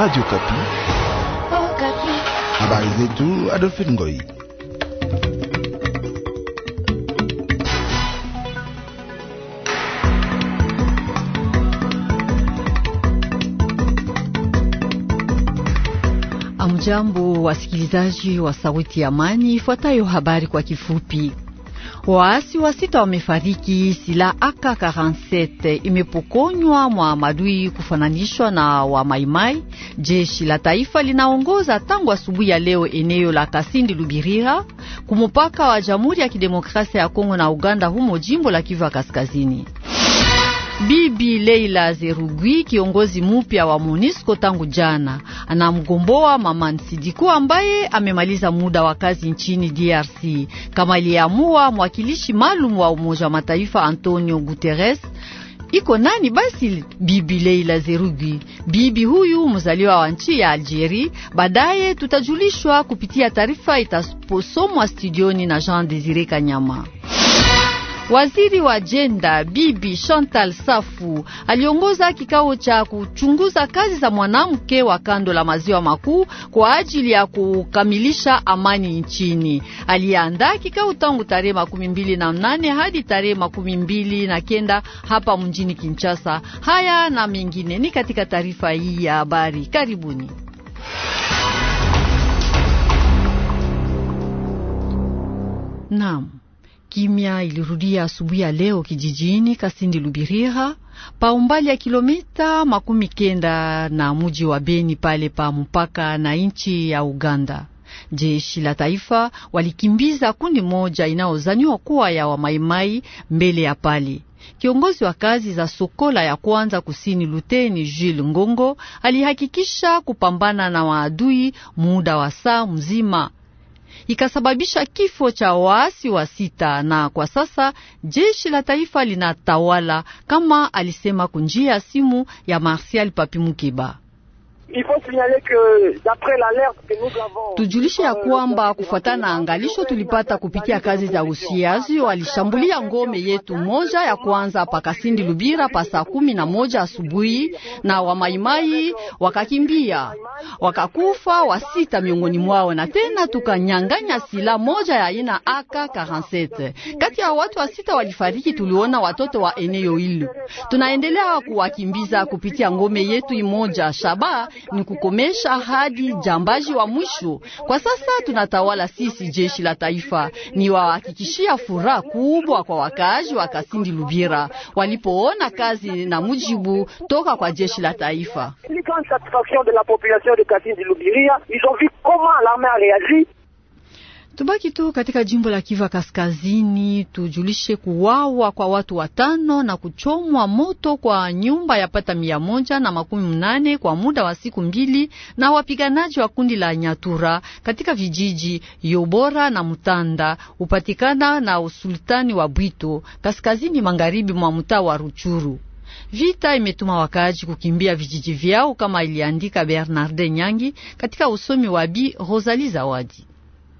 Radio Kapi. Oh, Kapi. Habari zetu Adolphe Ngoi. Amjambo wasikilizaji wa sauti ya amani, ifuatayo habari kwa kifupi. Waasi wa sita wamefariki, silaha AK47 imepokonywa mwa madui kufananishwa na wa Maimai. Jeshi la taifa linaongoza tangu asubuhi ya leo eneo la Kasindi Lubirira kumupaka wa Jamhuri ya Kidemokrasia ya Kongo na Uganda, humo jimbo la Kivu ya Kaskazini. Bibi Leila Zerugui, kiongozi mupya wa Monisco tangu jana, anamgomboa Mama Nsidiku ambaye amemaliza muda wa kazi nchini DRC kama iliamua mwakilishi maalum wa Umoja wa Mataifa Antonio Guterres. Iko nani basi Bibi Leila Zerugi? Bibi huyu mzaliwa wa nchi ya Algeri. Baadaye tutajulishwa kupitia taarifa itaposomwa studioni na Jean Desire Kanyama. Waziri wa jenda Bibi Chantal Safu aliongoza kikao cha kuchunguza kazi za mwanamke wa kando la maziwa makuu kwa ajili ya kukamilisha amani nchini. Aliandaa kikao tangu tarehe makumi mbili na nane hadi tarehe makumi mbili na kenda hapa mjini Kinshasa. Haya na mengine ni katika taarifa hii ya habari. Karibuni. Naam. Kimya ilirudia asubuhi ya leo kijijini Kasindi Lubiriha, pa umbali ya kilomita makumi kenda na muji wa Beni, pale pa mpaka na nchi ya Uganda. Jeshi la taifa walikimbiza kundi moja inayozaniwa kuwa ya wamaimai mbele ya pali. Kiongozi wa kazi za Sokola ya kwanza kusini, Luteni Jules Ngongo alihakikisha kupambana na waadui muda wa saa mzima ikasababisha kifo cha waasi wa sita, na kwa sasa jeshi la taifa linatawala, kama alisema kunjia simu ya Marsial Papi Mukiba. Tujulishe ya euh, kwamba kufuatana na angalisho tulipata kupitia kazi za usiazi, walishambulia ngome yetu moja ya kwanza pa Kasindi Lubira pa saa kumi na moja asubuhi na wamaimai wakakimbia, wakakufa wasita miongoni mwao, na tena tukanyang'anya sila moja ya aina AK 47 kati ya watu wasita walifariki, tuliona watoto wa eneo hilo. Tunaendelea kuwakimbiza kupitia ngome yetu imoja Shaba ni kukomesha hadi jambaji wa mwisho. Kwa sasa tunatawala sisi, jeshi la taifa. Ni wahakikishia furaha kubwa kwa wakaaji wa Kasindi lubira walipoona kazi na mujibu toka kwa jeshi la taifa. Tubaki tu katika jimbo la Kivu Kaskazini, tujulishe kuwawa kwa watu watano na kuchomwa moto kwa nyumba ya pata mia moja na makumi mnane kwa muda wa siku mbili na wapiganaji wa kundi la Nyatura katika vijiji Yobora na Mutanda upatikana na usultani wa Bwito kaskazini magharibi mwa mtaa wa Ruchuru. Vita imetuma wakaaji kukimbia vijiji vyao, kama iliandika Bernarde Nyangi katika usomi wa Bi Rosalie Zawadi.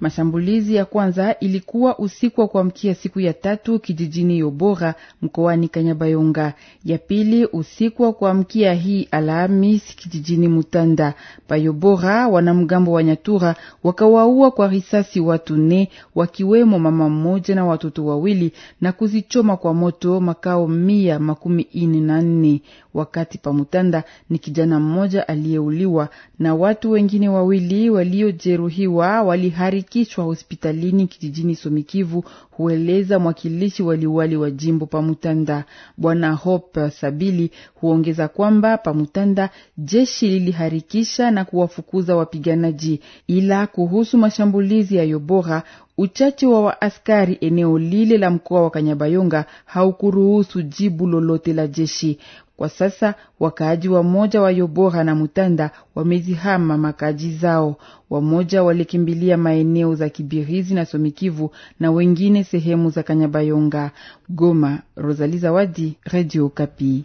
Mashambulizi ya kwanza ilikuwa usiku wa kuamkia siku ya tatu kijijini Yobora mkoani Kanyabayonga, ya pili usiku wa kuamkia hii Alhamis kijijini Mutanda Payobora. Wanamgambo wa Nyatura wakawaua kwa risasi watu ne, wakiwemo mama mmoja na watoto wawili na kuzichoma kwa moto makao mia makumi ine na nne. Wakati pa Mutanda ni kijana mmoja aliyeuliwa na watu wengine wawili waliojeruhiwa walihari kichwa hospitalini kijijini Somikivu, hueleza mwakilishi waliwali wa jimbo Pamutanda. Bwana Hope Sabili huongeza kwamba Pamutanda jeshi liliharikisha na kuwafukuza wapiganaji, ila kuhusu mashambulizi ya Yobora uchache wa waaskari eneo lile la mkoa wa Kanyabayonga haukuruhusu jibu lolote la jeshi. Kwa sasa wakaaji wa moja wa Yobora na Mutanda wamezihama makaaji zao, wamoja walikimbilia maeneo za Kibirizi na Somikivu na wengine sehemu za Kanyabayonga. Goma, Rosali Zawadi, Radio Kapi.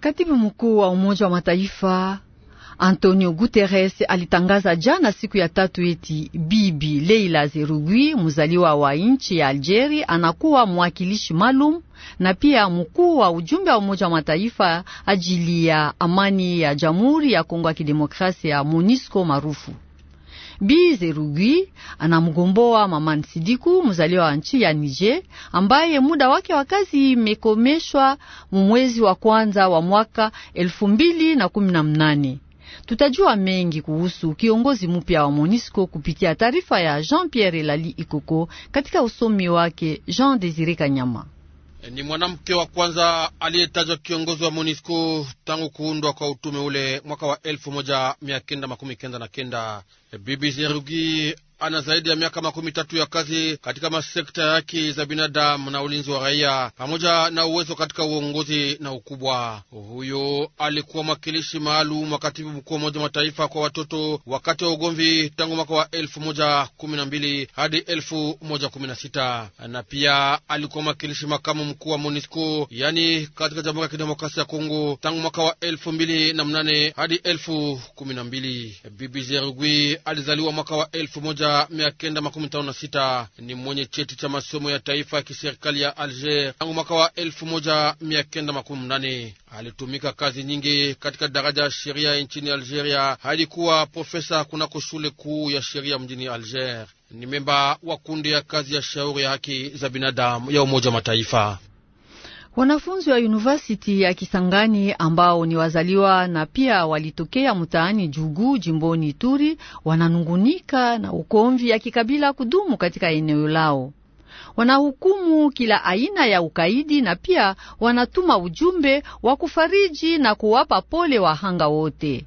Katibu mkuu wa Umoja wa Mataifa Antonio Guterres alitangaza jana siku ya tatu eti Bibi Leila Zerugui, mzaliwa wa nchi ya Algeria, anakuwa mwakilishi maalum na pia mkuu wa ujumbe wa Umoja wa Mataifa ajili ya amani ya Jamhuri ya Kongo ya Kidemokrasia ya MONUSCO maarufu. Bi Zerugui anamgomboa Maman Sidiku mzaliwa wa nchi ya Niger ambaye muda wake wa kazi imekomeshwa mwezi wa kwanza wa mwaka elfu mbili na kumi na mnane. Tutajua mengi kuhusu kiongozi mpya wa Monisco kupitia taarifa ya Jean-Pierre Lali Ikoko katika usomi wake Jean Desire Kanyama. Eh, ni mwanamke wa kwanza aliyetajwa kiongozi wa Monisco tangu kuundwa kwa utume ule mwaka wa elfu moja mia kenda makumi kenda na kenda. Eh, Bibi Zerugi ana zaidi ya miaka makumi tatu ya kazi katika masekta ya haki za binadamu na ulinzi wa raia pamoja na uwezo katika uongozi na ukubwa. Huyo alikuwa mwakilishi maalum wa katibu mkuu wa Umoja Mataifa kwa watoto wakati wa ugomvi tangu mwaka wa elfu moja kumi na mbili hadi elfu moja kumi na sita na pia alikuwa mwakilishi makamu mkuu wa MONUSCO yani katika Jamhuri ya Kidemokrasia ya Kongo tangu mwaka wa elfu mbili na mnane hadi elfu kumi na mbili. Bibi Zerugwi alizaliwa mwaka wa elfu moja sita ni mwenye cheti cha masomo ya taifa ya kiserikali ya Alger tangu mwaka wa mnane Alitumika kazi nyingi katika daraja ya sheria nchini Algeria hadi kuwa profesa kunako shule kuu ya sheria mjini Alger. Ni memba wa kundi ya kazi ya shauri ya haki za binadamu ya Umoja wa Mataifa. Wanafunzi wa yunivasiti ya Kisangani ambao ni wazaliwa na pia walitokea mtaani Jugu jimboni Ituri wananungunika na ukomvi ya kikabila kudumu katika eneo lao. Wanahukumu kila aina ya ukaidi na pia wanatuma ujumbe wa kufariji na kuwapa pole wahanga wote.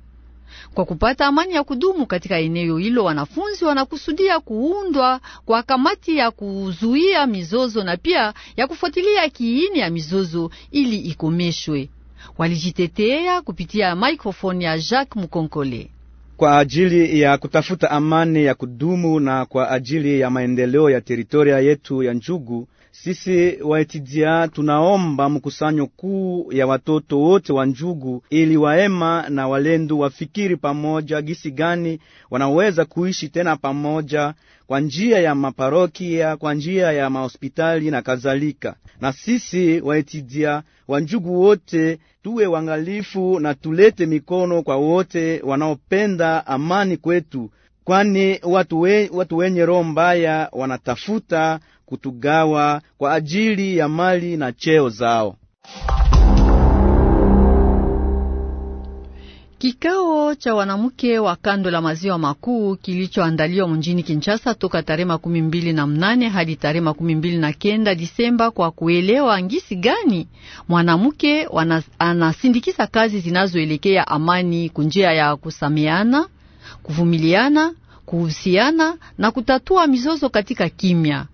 Kwa kupata amani ya kudumu katika eneo hilo, wanafunzi wanakusudia kuundwa kwa kamati ya kuzuia mizozo na pia ya kufuatilia kiini ya mizozo ili ikomeshwe. Walijitetea kupitia maikrofoni ya Jacques Mukonkole kwa ajili ya kutafuta amani ya kudumu na kwa ajili ya maendeleo ya teritoria yetu ya Njugu. Sisi waetidia tunaomba mkusanyo kuu ya watoto wote wa njugu, ili waema na walendu wafikiri pamoja gisi gani wanaweza kuishi tena pamoja kwa njia ya maparokia, kwa njia ya mahospitali na kadhalika. Na sisi waetidia wanjugu wote tuwe wangalifu na tulete mikono kwa wote wanaopenda amani kwetu, kwani watu, we, watu wenye roho mbaya wanatafuta kutugawa kwa ajili ya mali na cheo zao. Kikao cha wanamke wa kando la maziwa makuu kilichoandaliwa mjini Kinshasa toka tarehe makumi mbili na mnane hadi tarehe makumi mbili na kenda Disemba kwa kuelewa ngisi gani mwanamke anasindikiza kazi zinazoelekea amani kunjia ya kusameana, kuvumiliana, kuhusiana na kutatua mizozo katika kimya.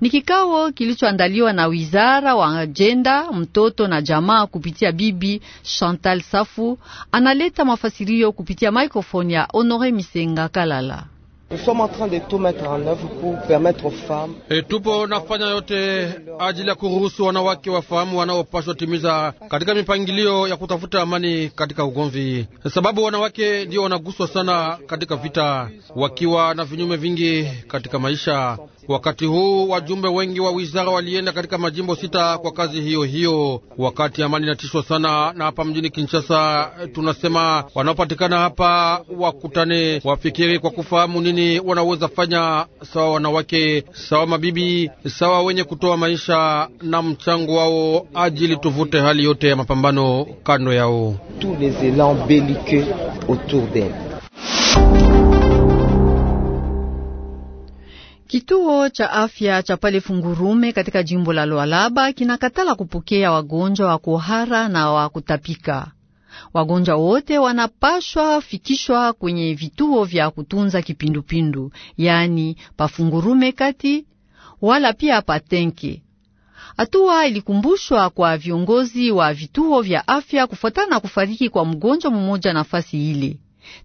Ni kikao kilichoandaliwa na wizara wa ajenda mtoto na jamaa kupitia bibi Chantal Safu, analeta mafasirio kupitia mikrofoni ya Honore Misenga Kalala. E, tupo nafanya yote ajili ya kuruhusu wanawake wafahamu wanaopashwa timiza katika mipangilio ya kutafuta amani katika ugomvi, sababu wanawake ndio wanaguswa sana katika vita, wakiwa na vinyume vingi katika maisha. Wakati huu wajumbe wengi wa wizara walienda katika majimbo sita kwa kazi hiyo hiyo, wakati amani inatishwa sana. Na hapa mjini Kinshasa tunasema wanaopatikana hapa wakutane, wafikiri kwa kufahamu nini wanaweza fanya, sawa wanawake, sawa mabibi, sawa wenye kutoa maisha na mchango wao, ajili tuvute hali yote ya mapambano kando yao. Tous les Kituo cha afya cha pale Fungurume katika jimbo la Lualaba kinakatala kupokea wagonjwa wa kuhara na wa kutapika. Wagonjwa wote wanapashwa fikishwa kwenye vituo vya kutunza kipindupindu, yaani Pafungurume kati wala pia Patenke. Hatua ilikumbushwa kwa viongozi wa vituo vya afya kufuatana na kufariki kwa mgonjwa mmoja nafasi ile.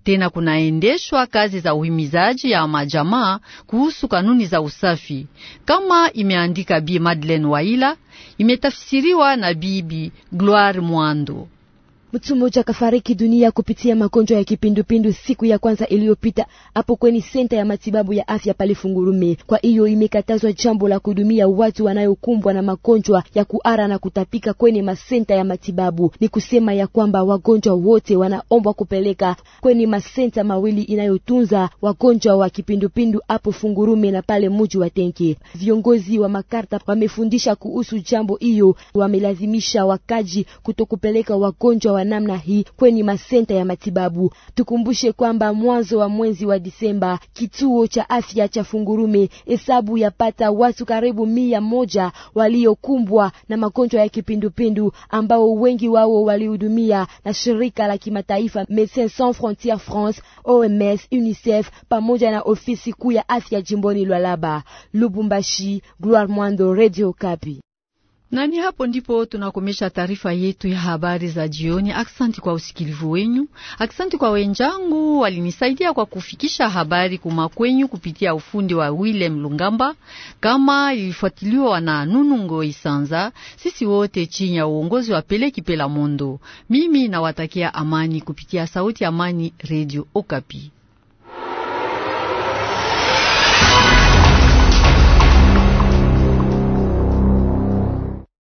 Tena kunaendeshwa kazi za uhimizaji ya majamaa kuhusu kanuni za usafi, kama imeandika Bi Madeleine Waila, imetafsiriwa na Bibi Gloire Mwando. Mtu mmoja akafariki dunia kupitia magonjwa ya kipindupindu siku ya kwanza iliyopita hapo kwenye senta ya matibabu ya afya pale Fungurume. Kwa hiyo imekatazwa jambo la kuhudumia watu wanayokumbwa na magonjwa ya kuara na kutapika kwenye masenta ya matibabu. Ni kusema ya kwamba wagonjwa wote wanaombwa kupeleka kwenye masenta mawili inayotunza wagonjwa wa kipindupindu hapo Fungurume na pale muji wa Tenke. Viongozi wa makarta wamefundisha kuhusu jambo hiyo, wamelazimisha wakaji kutokupeleka wagonjwa wa wa namna hii kwenye masenta ya matibabu. Tukumbushe kwamba mwanzo wa mwezi wa Disemba kituo cha afya cha Fungurume hesabu yapata watu karibu mia moja waliokumbwa na magonjwa ya kipindupindu ambao wengi wao walihudumia na shirika la kimataifa Medecins Sans Frontieres France, OMS, UNICEF pamoja na ofisi kuu ya afya jimboni Lualaba. Lubumbashi, Gloire Mwando, Radio Kapi. Na ni hapo ndipo tunakomesha taarifa yetu ya habari za jioni. Aksanti kwa usikilivu wenyu, aksanti kwa wenjangu walinisaidia kwa kufikisha habari kuma kwenyu kupitia ufundi wa Willem Lungamba, kama ilifuatiliwa na Nunu Ngoi Sanza. Sisi wote chini ya uongozi wa Pele Kipela Mondo, mimi nawatakia amani kupitia Sauti Amani, Radio Okapi.